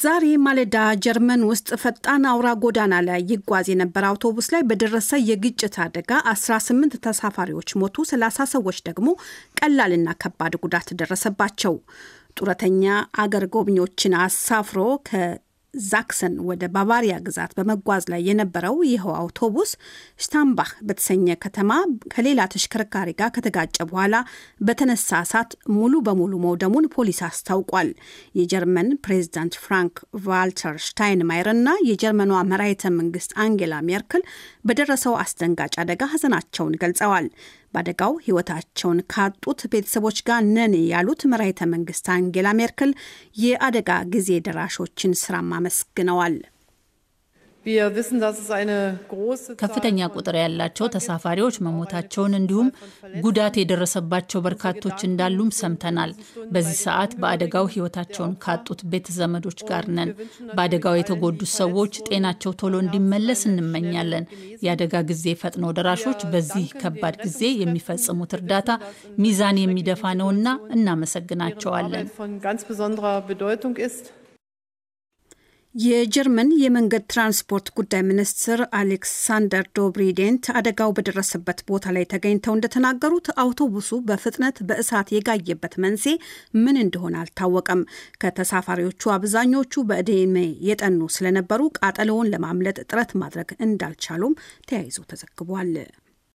ዛሬ ማለዳ ጀርመን ውስጥ ፈጣን አውራ ጎዳና ላይ ይጓዝ የነበረ አውቶቡስ ላይ በደረሰ የግጭት አደጋ 18 ተሳፋሪዎች ሞቱ፣ 30 ሰዎች ደግሞ ቀላልና ከባድ ጉዳት ደረሰባቸው። ጡረተኛ አገር ጎብኚዎችን አሳፍሮ ከ ዛክሰን ወደ ባቫሪያ ግዛት በመጓዝ ላይ የነበረው ይኸው አውቶቡስ ሽታምባህ በተሰኘ ከተማ ከሌላ ተሽከርካሪ ጋር ከተጋጨ በኋላ በተነሳ እሳት ሙሉ በሙሉ መውደሙን ፖሊስ አስታውቋል። የጀርመን ፕሬዚዳንት ፍራንክ ቫልተር ሽታይንማየር እና የጀርመኗ መራሄተ መንግስት አንጌላ ሜርክል በደረሰው አስደንጋጭ አደጋ ሀዘናቸውን ገልጸዋል። በአደጋው ሕይወታቸውን ካጡት ቤተሰቦች ጋር ነን ያሉት መራሄተ መንግስት አንጌላ ሜርክል የአደጋ ጊዜ ደራሾችን ስራ አመስግነዋል። ከፍተኛ ቁጥር ያላቸው ተሳፋሪዎች መሞታቸውን እንዲሁም ጉዳት የደረሰባቸው በርካቶች እንዳሉም um ሰምተናል። በዚህ ሰዓት በአደጋው ሕይወታቸውን ካጡት ቤተ ዘመዶች ጋር ነን። በአደጋው የተጎዱት ሰዎች ጤናቸው ቶሎ እንዲመለስ እንመኛለን። የአደጋ ጊዜ ፈጥኖ ደራሾች በዚህ ከባድ ጊዜ የሚፈጽሙት እርዳታ ሚዛን የሚደፋ ነውና እናመሰግናቸዋለን። የጀርመን የመንገድ ትራንስፖርት ጉዳይ ሚኒስትር አሌክሳንደር ዶብሪዴንት አደጋው በደረሰበት ቦታ ላይ ተገኝተው እንደተናገሩት አውቶቡሱ በፍጥነት በእሳት የጋየበት መንሴ ምን እንደሆነ አልታወቀም። ከተሳፋሪዎቹ አብዛኞቹ በእድሜ የጠኑ ስለነበሩ ቃጠለውን ለማምለጥ ጥረት ማድረግ እንዳልቻሉም ተያይዞ ተዘግቧል።